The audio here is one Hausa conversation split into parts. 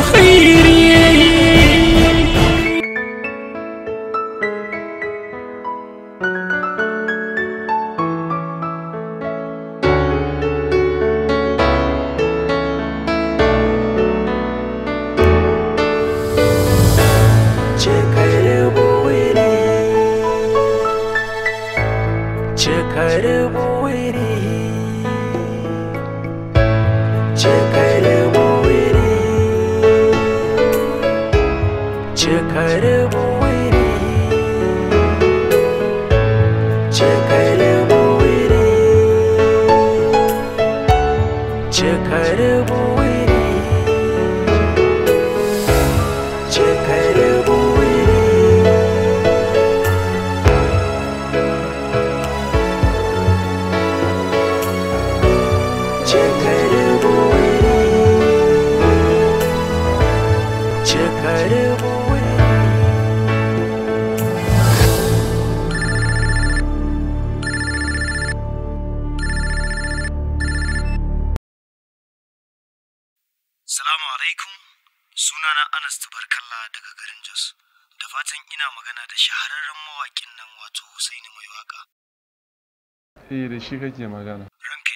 خيري kake magana ranka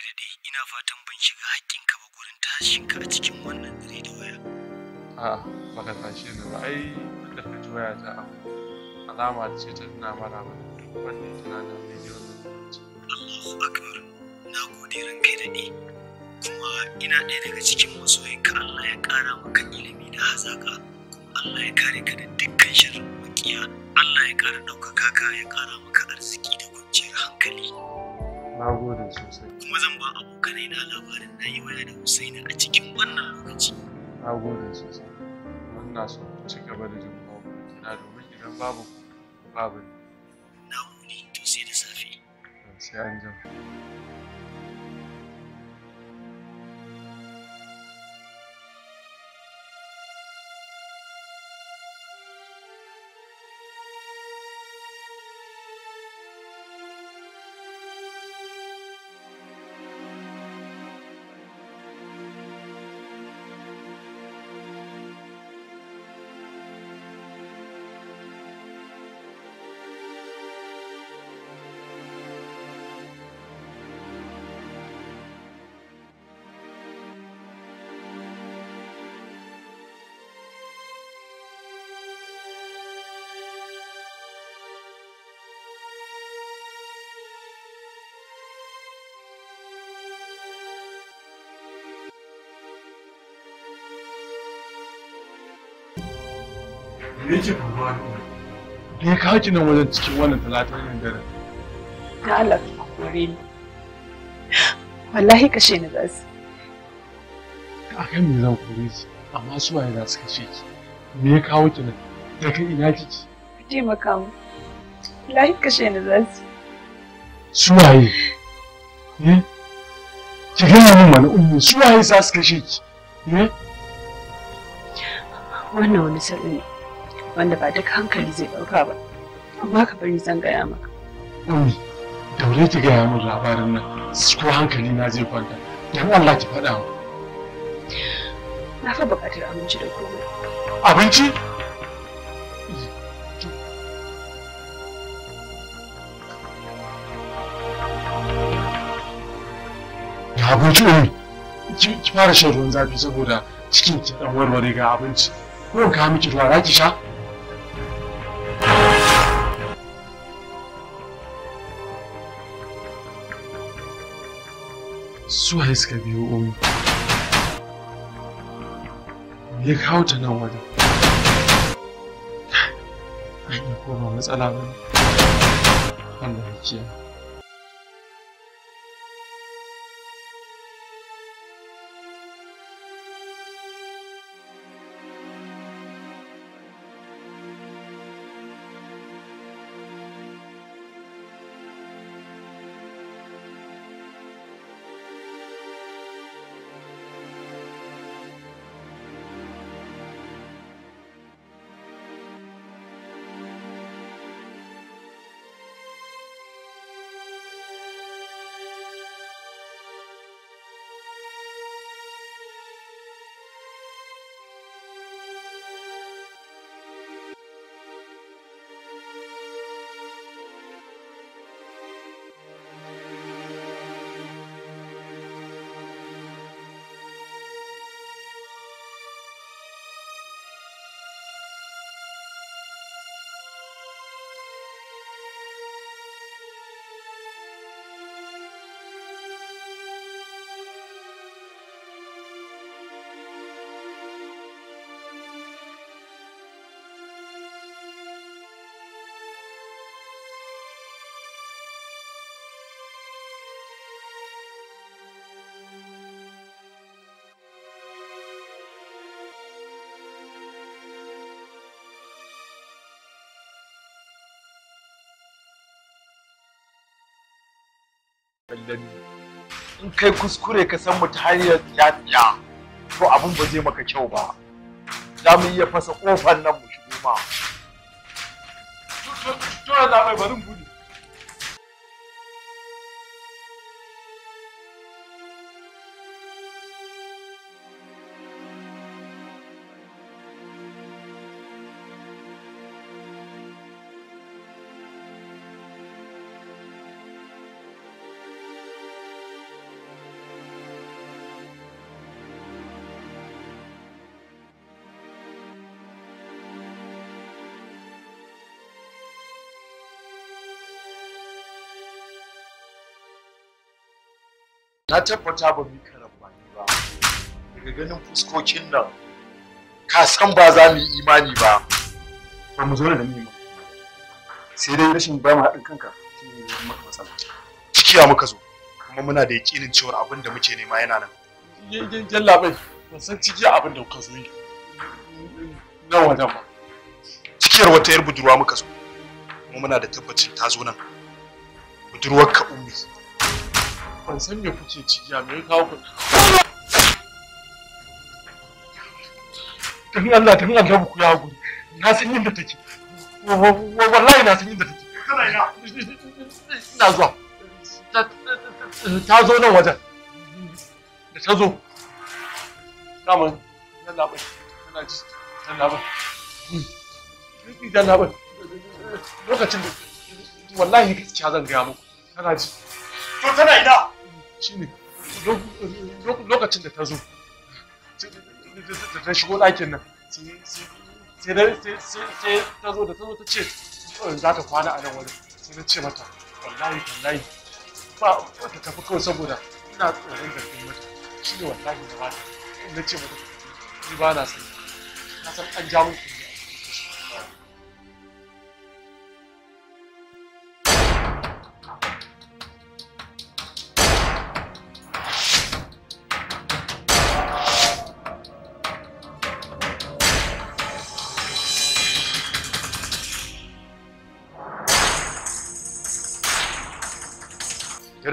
ina fatan ban shiga haƙƙinka ba gurin tashinka a cikin wannan dare da waya a'a baka tashi da ba ai da ka ji waya ta abu alama ce ta tana mara ba duk wanda ya tunanin bidiyon da Allahu akbar na gode ranka daɗe kuma ina ɗaya daga cikin masoyinka Allah ya ƙara maka ilimi da hazaƙa Allah ya kare ka da dukkan sharrin makiya Allah ya ƙara ɗaukaka ka ya ƙara maka arziki da kwanciyar hankali. Na gode sosai. Kuma zan ba abokanai na labarin na yi waya da Husaini a cikin wannan lokaci. Na gode sosai. Muna so ku ci gaba da jin babu kina domin idan babu babu. Na gode to sai da safe. Sai an jima. me yake faruwa ne me ya kawo nan wajen cikin wannan talatin yin dare na Allah ka kore ni wallahi kashe ni za su a kan me zan kore ki amma su waye za su kashe ki me ya kawo ki nan daga ina kike je makamu wallahi kashe ni za su su waye ne ki gaya min mana ummi su waye za su kashe ki ne. wannan wani sirri ne wanda ba duk hankali zai ɗauka ba amma ka bari zan gaya maka. Umi, daure ki gaya min labarin nan ko hankali na zai kwanta dan Allah ki faɗa mu. Na fa buƙatar abinci da komai. Abinci? Ya abinci Umi, ki fara shan ruwan zafi saboda cikin ki ɗan warware ga abinci. Ko ka miki ruwa za ki sha? suwaye suka biyo omi ya kawo ta nan wajen an yi koma matsala ba ne Allah ya kiyaye in kai kuskure ka san mutu hanyar ya tsiya to abin ba zai maka kyau ba za mu iya fasa kofar nan mu shigo ma. na tabbata ba mu karambani ba daga ganin fuskokin nan ka san ba za mu yi imani ba ba mu zo da nima sai dai rashin ba mu haɗin kanka shi ne maka matsala cikiya muka zo kuma muna da yakinin cewa abin da muke nema yana nan yin jalla bai ban san cikiya abin da kuka zo yi na wajen ba cikiyar wata yar budurwa muka zo kuma muna da tabbacin ta zo nan budurwar ka ummi ban san me kuke ciki a me kawo ku Tun Allah dan Allah ku ya guri na san yadda take wallahi na san yadda take kana ina zuwa ta zo nan wajen da ta zo samun yalla labar? tana ji yalla bai yalla bai lokacin da wallahi gaskiya zan gaya muku tana ji to tana ina shine lokacin da ta zo ta shigo ɗakin nan sai ta zo da ta zo ta ce za ta kwana a nan wani sai na ce mata wallahi wallahi ba ta tafi kawai saboda ina tsoron zargin mata shi ne wallahi na ba ta na ce mata ni ba na sani na san an ja mun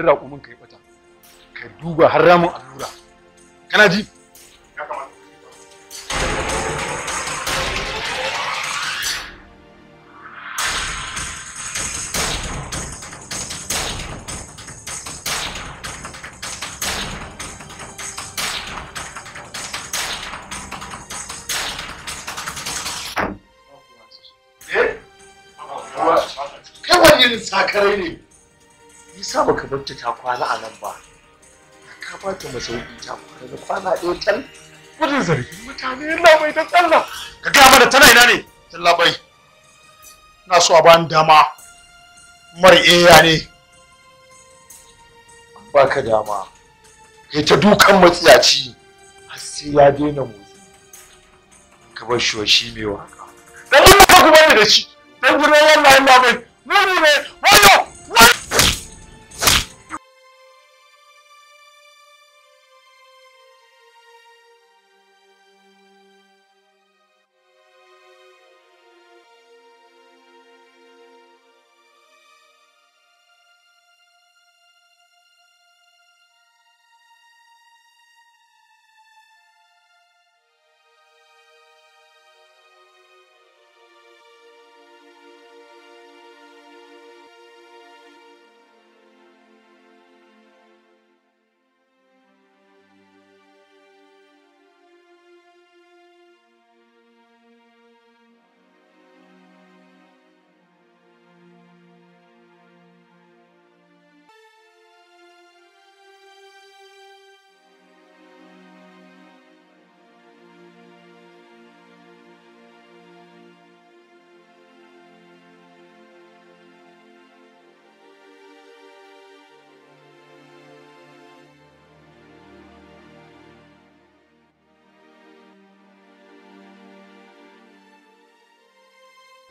idan raƙumin ka ya bata ka duba har ramin allura kana ji ya eh? sakarai ne sa baka barta ta kwana a nan ba ka ba ta masauki ta kwana da kwana ɗaya tal gudun zargin mutane yana mai ta tsalla ka gaya mana tana ina ne tallabai na so a bani dama mar iya ne ba ka dama Kai ta dukan matsiyaci har sai ya daina motsi ka bar shi wa shi mai waka dan ba ku bani da shi dan gudanar wallahi ba mai ne ne wayo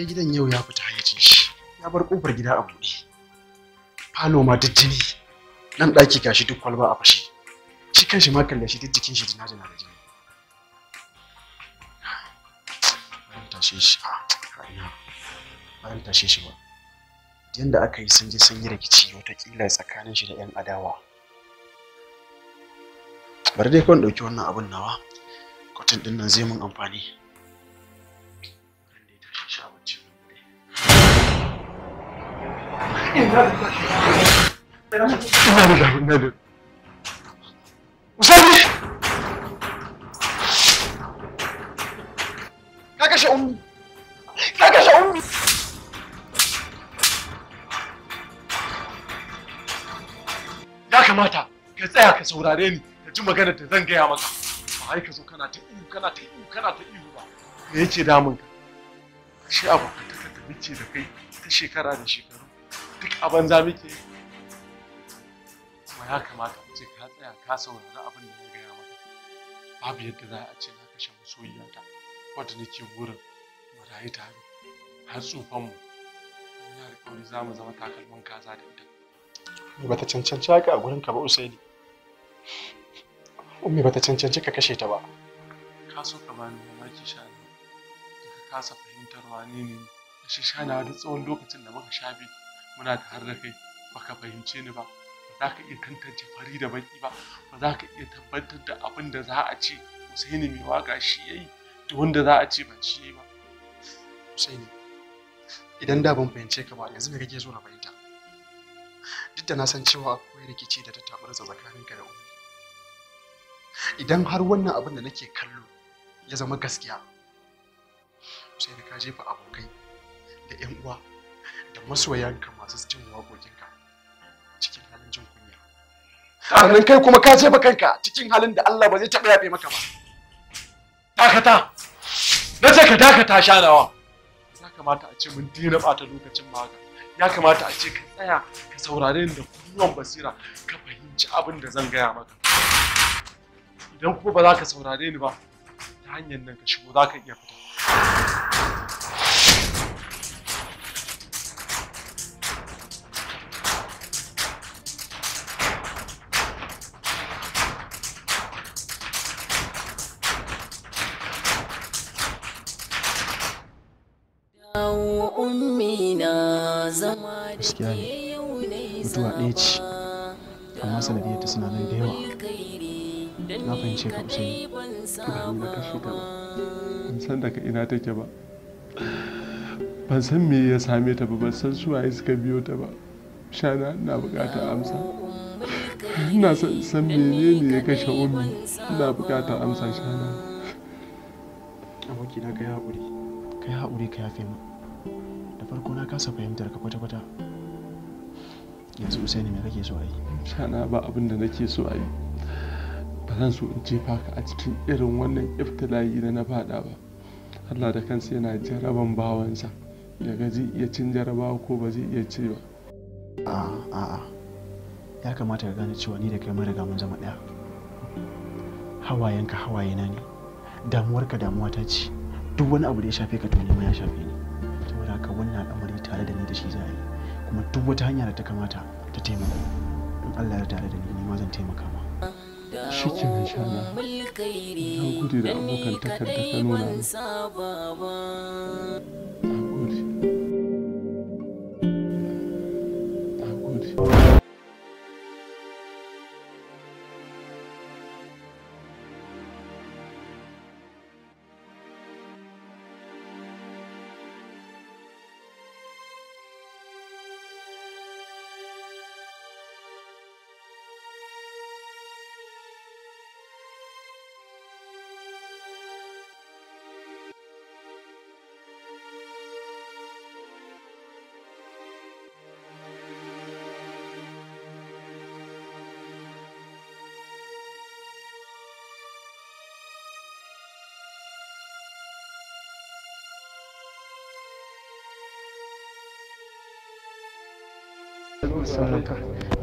ɗaya gidan yau ya fita hayyacin shi ya bar kofar gida a buɗe falo ma duk jini nan ɗaki gashi duk kwalba a fashi. shi kanshi ma kalle shi duk jikin shi jina jina da jini bayan tashe shi ah, a ina bayan tashe shi ba aka yi sun je sun yi rikici watakila tsakanin shi da 'yan adawa bari dai kawai ɗauki wannan abin nawa kwatin ɗin nan zai mun amfani Ya kamata ka tsaya ka saurare ni ka ji maganar da zan gaya maka. Ba ai ka zo kana ta ihu kana ta ihu kana ta ihu ba. Me yake damun ka? Shi abu ka ta da kai ta shekara da shekara. duk a banza muke kuma ya kamata a ce ka tsaya ka saurari abin da ya gaya maka babu yadda za a ce na kashe masoyiyata wadda nake burin mu rayu tare har tsufanmu ya alƙawari za mu zama takalmin kaza da ita me bata cancanci haka a gurin ka ba usaidi me bata cancanci ka kashe ta ba ka so ka bani mamaki shanu da ka kasa fahimtar wane ne shi shana da tsawon lokacin da muka sha biyu muna da har kai baka fahimce ni ba ba za ka iya tantance fari da baki ba ba za ka iya tabbatar da abin da za a ce Husaini mai waka shi yayi da wanda za a ce ba shi yayi ba Husaini idan da ban fahimce ka ba yanzu me kake so na fahimta duk da na san cewa akwai rikici da ta tabar ka da Ummi idan har wannan abin da nake kallo ya zama gaskiya sai da ka jefa abokai da 'yan uwa da masoyanka masu jin cikin halin jin kunya kai kuma ka jefa kanka cikin halin da Allah ba zai taɓa yafe maka ba dakata na ce ka dakata shanawa ya kamata a ce mun dina ɓata lokacin maka ya kamata a ce ka tsaya ka saurare ni da kunnuwan basira ka fahimci abin da zan gaya maka idan kuma ba za ka saurare ni ba ta hanyar nan ka shigo za ka iya fita na sanadiyar ta suna nan da yawa na fahimce ka usaini ba ka shi ta ba ban san daga ina take ba ban san me ya same ta ba ban san ya suka biyo ta ba shana na bukatar amsa ina san ne ya kashe ummi ina bukatar amsa shana abokina ka yi haƙuri ka yi haƙuri ka yafe mu da farko na kasa fahimtar ka kwata-kwata yanzu ne me kake so a yi shana ba abin da nake so a yi ba zan so in jefa ka a cikin irin wannan iftila'i da na fada ba allah da kansa yana jaraban bawansa daga zai iya cin jarabawa ko ba zai iya ci ba a'a ya kamata ka gane cewa ni da kai mun riga mun zama ɗaya hawayenka hawaye na ne damuwarka damuwa ta ce duk wani abu da ya shafe ka to ma ya shafe ni saboda ka wannan al'amari tare da ni da shi za a yi kuma duk wata hanya da ta kamata ta taimako don Allah ya tare da ni ni ma zan taimaka ma shi ke nan sha na gode da abokan takarda ta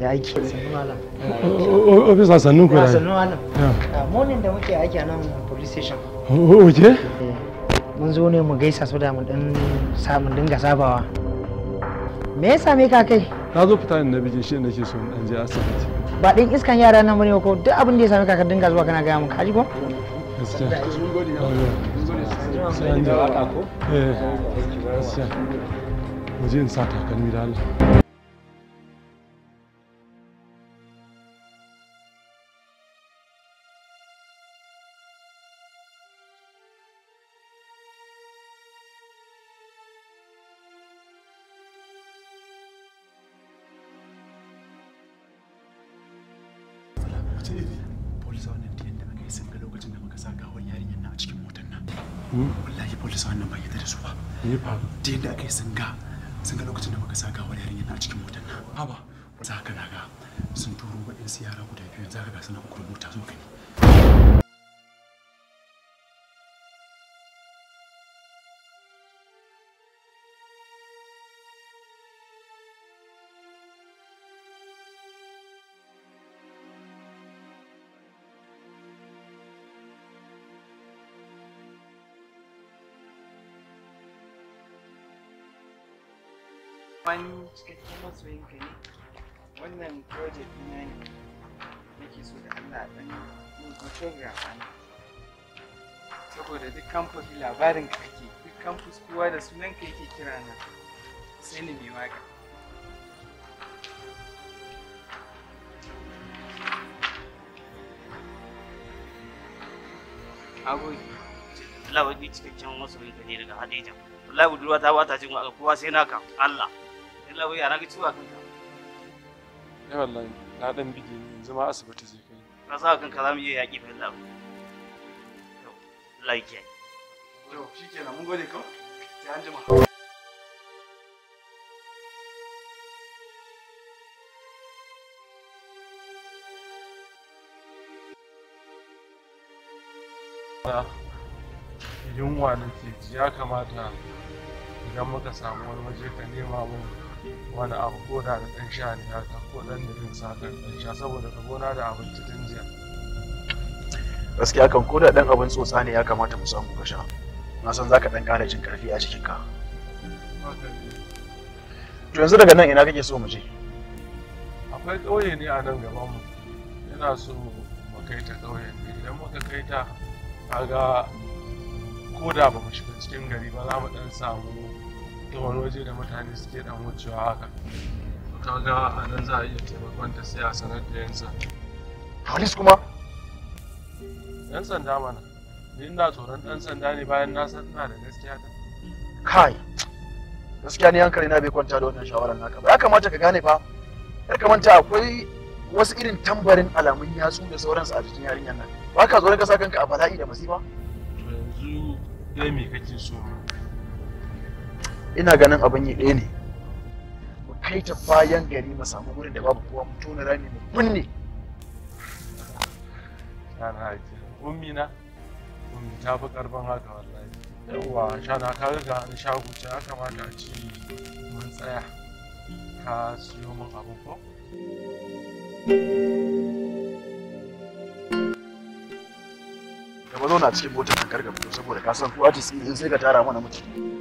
ya aiki ah, morning da muke aiki a nan police station eh, mun zo ne mu gaisa su da mu dan samun dinga sabawa me ya same ka kai na zo fita ne na bijin shi nake so in je asibiti ba din iskan yara nan bane ko duk abin da ya same ka ka dinga zuwa kana gaya mu ko gaskiya mun gode eh, ga mu je in sa takalmi da Allah me ya da yadda aka yi sanga sanga lokacin da muka sa gawar yarinya na cikin motar nan haba za ka naga sun turo waɗansu yara guda biyu za ka ga suna kukurmuta mota ka ne wani cikakken masoyin ka ne wannan project na ne nake so da Allah dan yin photographer ne saboda duk campus labarin ka ke duk campus kowa da sunan ka yake kira na sai ni mai waka Agoi. Allah wani cikakken masoyin ka ne daga Hadija. Wallahi budurwa ta bata jin kowa sai naka. Allah. yalla bai yara kanka eh, wallahi na dan bige ni yanzu ma asibiti zai kai ka sa kanka zamu iya yaki fa yalla like it to shikenan mun gode ka sai an jima yunwa nake ya kamata idan muka samu wani waje ka nema mun wani abu ko da da ɗan sha ne haka ko ɗan da ɗin sa ɗan ɗan sha saboda ka gona da abinci tun jiya. gaskiya kan ko da ɗan abin tsotsa ne ya kamata mu samu ka sha na san zaka ɗan ƙara jin ƙarfi a ka. to yanzu daga nan ina kake so mu je. akwai ƙauye ne a nan gaban mu ina so mu kai ta ƙauyen ne idan muka kai ta kaga ko da ba mu shiga cikin gari ba za mu ɗan samu in wani waje da mutane suke dan wucewa haka kaga a nan za a iya taimakon ta sai a sanar da yan sanda polis kuma yan sanda mana ni ina tsoron dan sanda ne bayan na san da gaskiya ta kai gaskiya ni hankali na bai kwanta da wannan shawarar naka ba ya kamata ka gane fa ya kamata akwai wasu irin tambarin alamun yatsu da sauransu a jikin yarinyar nan ba ka zo ka sa kanka a bala'i da masifa to yanzu dai me kake so ina ganin abin yi ɗaya ne mu kai ta bayan gari mu samu wurin da babu kowa mu tona rami mu binne shana ummi na ummi ta fi karfin haka wallahi yawwa shana ka riga an sha guce ya kamata a ci mun tsaya ka siyo min abu ko da mazauna cikin motar kan karga saboda ka san ko artist in sai ka tara mana mutum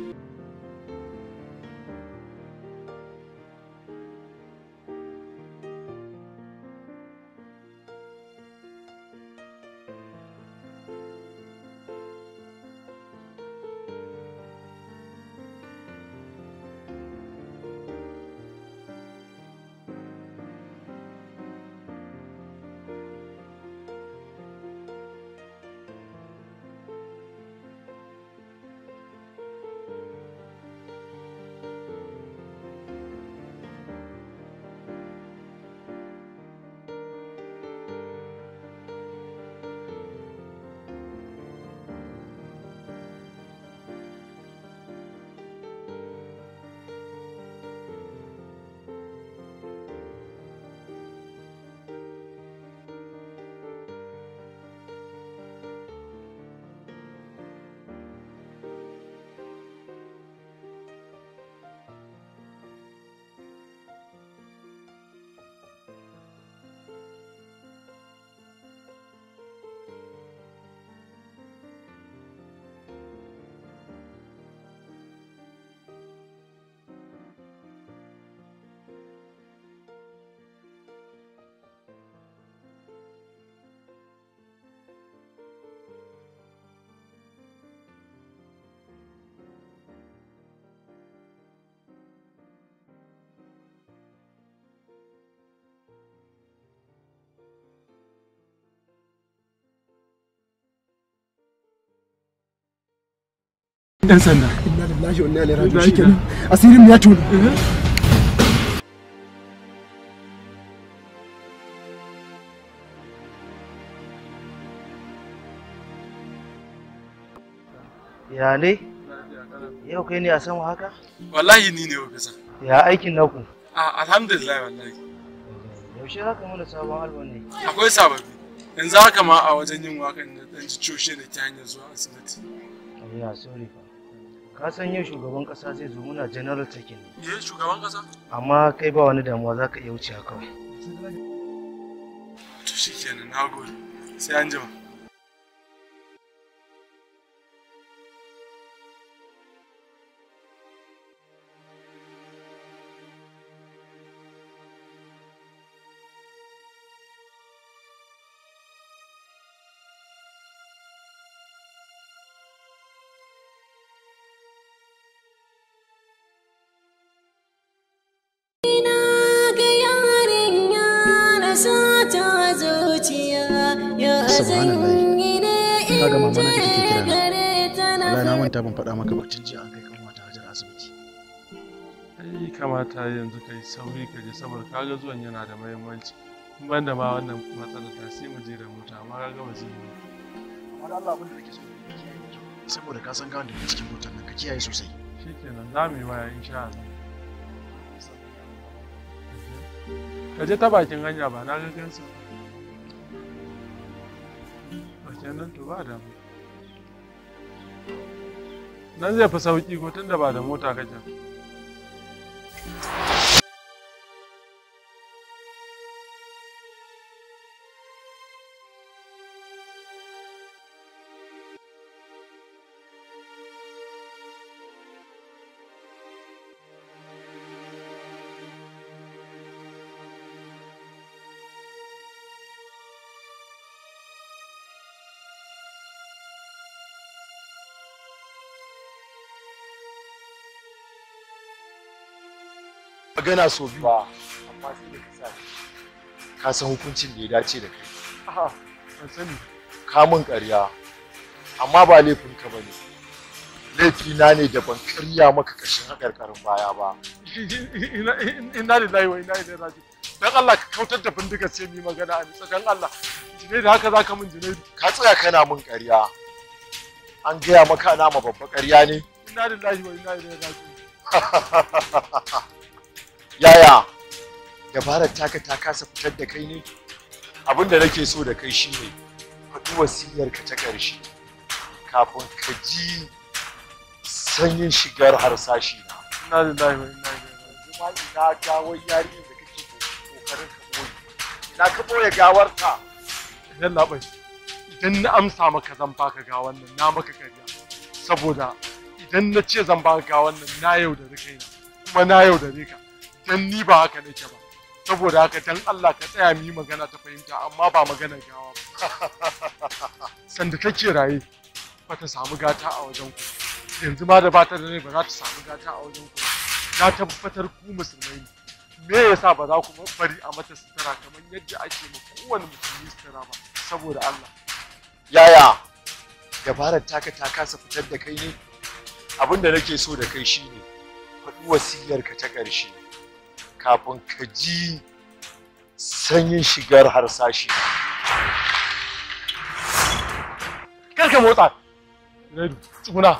dan sanda inna lillahi wa inna ilaihi raji'un shikenan asirin ya tuni ya ne yau kai ne a sama haka wallahi ni ne ofisa ya aikin naku a alhamdulillah wallahi yaushe za ka mana sabon albon ne akwai sababbi yanzu haka ma a wajen yin wakan na ɗan ji coshe da ta hanyar zuwa asibiti ya sorry fa ka san yau shugaban kasa zai zo muna general taking eh shugaban kasa amma kai ba wani damuwa za ka iya wuce kawai to shikenan na sai an subhanallah kaga mama na take kira na wallahi na manta ban faɗa maka bacin jiya an kai kan wata hajar asibiti ai kamata yanzu kai sauri ka je saboda kaga zuwan yana da muhimmanci ban da ma wannan matsalar ta sai mu je da mota amma kaga ba zai yi amma Allah abin da nake so ka kiyaye saboda ka san gawan da cikin motar nan ka kiyaye sosai shikenan za mu yi waya insha Allah ka je ta bakin hanya ba na ga gansu kenan to ba nan zai fi sauki ko tunda ba da mota kake magana so biyu ba amma sai da kasa ka san hukuncin da ya dace da kai a sani ka mun ƙarya amma ba laifin ka bane laifi na ne da ban karya maka kashin hakarkarin baya ba ina da lillahi wai ina da raji dan Allah ka kautar da bindiga sai ni magana a nisa dan Allah jine da haka zaka min jine ka tsaya kana mun ƙarya an gaya maka na ma babba ƙarya ne ina lillahi wa ina ha ha yaya dabarar taka ta kasa fitar da kai ne Abun da nake so da kai shine faɗi wasiyar ka ta ƙarshe kafin ka ji sanyin shigar harsashi na ina da lahi ina da kuma ina gawar yarinyar da kake kokarin ka boye ina ka boye gawar ta idan labai idan na amsa maka zan baka gawan nan na maka karya saboda idan na ce zan baka gawar nan na yau da rikaina kuma na yau da rika dan ni ba haka nake ba saboda haka dan Allah ka tsaya mu magana ta fahimta amma ba magana gawa ba sanda take raye ba ta samu gata a wajen ku yanzu ma da bata da ne ba za ta samu gata a wajen ku na tabbatar ku musulmai ne me yasa ba za ku bari a mata sutura kamar yadda ake ma kowane musulmi sutura ba saboda Allah yaya dabarar taka ta kasa fitar da kai ne abinda nake so da kai shine faɗi ka ta ƙarshe kafin ka ji sanyin shigar harsashi kar ka motsa tsuguna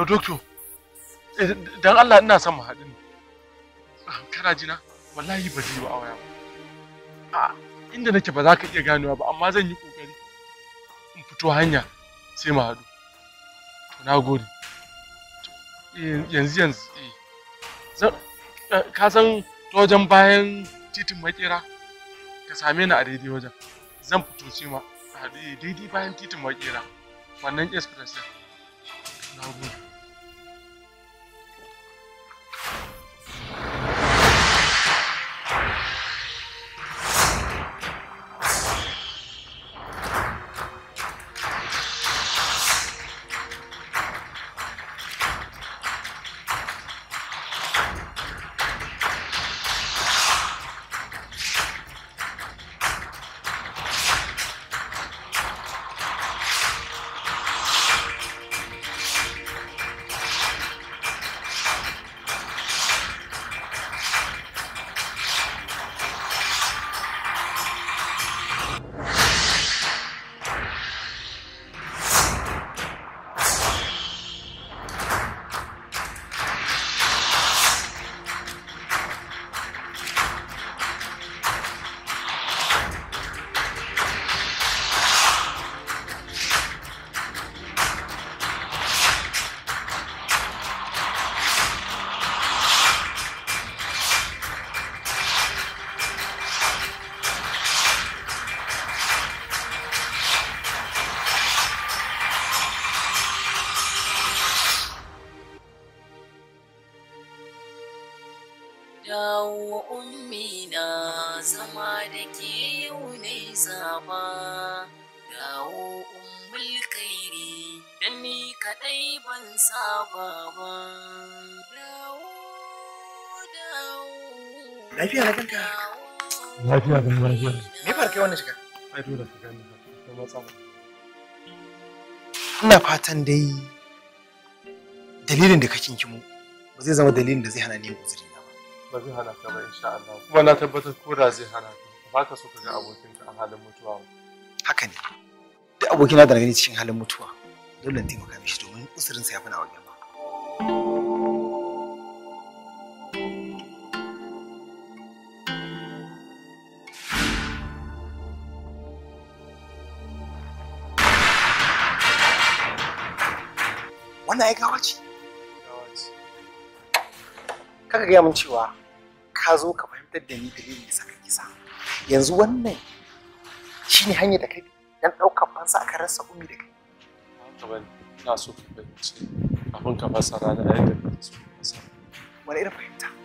Hello, doctor. Eh, dan Allah ina son mu haɗu ne. Ah, kana jina? Wallahi ba zai yi a waya ba. A ah, inda nake ba za ka iya ganewa ba, amma zan yi ƙoƙari. In fito hanya sai mu haɗu. To na gode. Eh, yanzu yanzu eh. eh. Ka san ta wajen bayan titin makera ka same ni a daidai wajen. Zan fito sai ma haɗu daidai bayan titin makera. Wannan express ɗin. Na gode. zaba dawo ummul kairi dan ni kadai ban saba ba dawo dawo lafiya na kanka lafiya ban lafiya me farke wannan shiga ai dole ka gane ka matsala ina fatan dai dalilin da ka kinkimo ba zai zama dalilin da zai hana ni guzuri ba ba zai hana ka ba insha Allah kuma na tabbatar ko da zai hana ka ba ka so ka ga abokin ka a halin mutuwa haka ne duk abokina da na gani cikin halin mutuwa dole na taimaka mishi domin sa ya fi wajen ba. wannan ya gawa ce kaka gaya min cewa ka zo ka fahimtar da ni dalilin da saka kisa yanzu wannan shi ne hanyar da kai dan ɗaukar fansa aka rasa umi da kai Na so ka fahimci abin ka fasa rana yadda ka so wani irin fahimta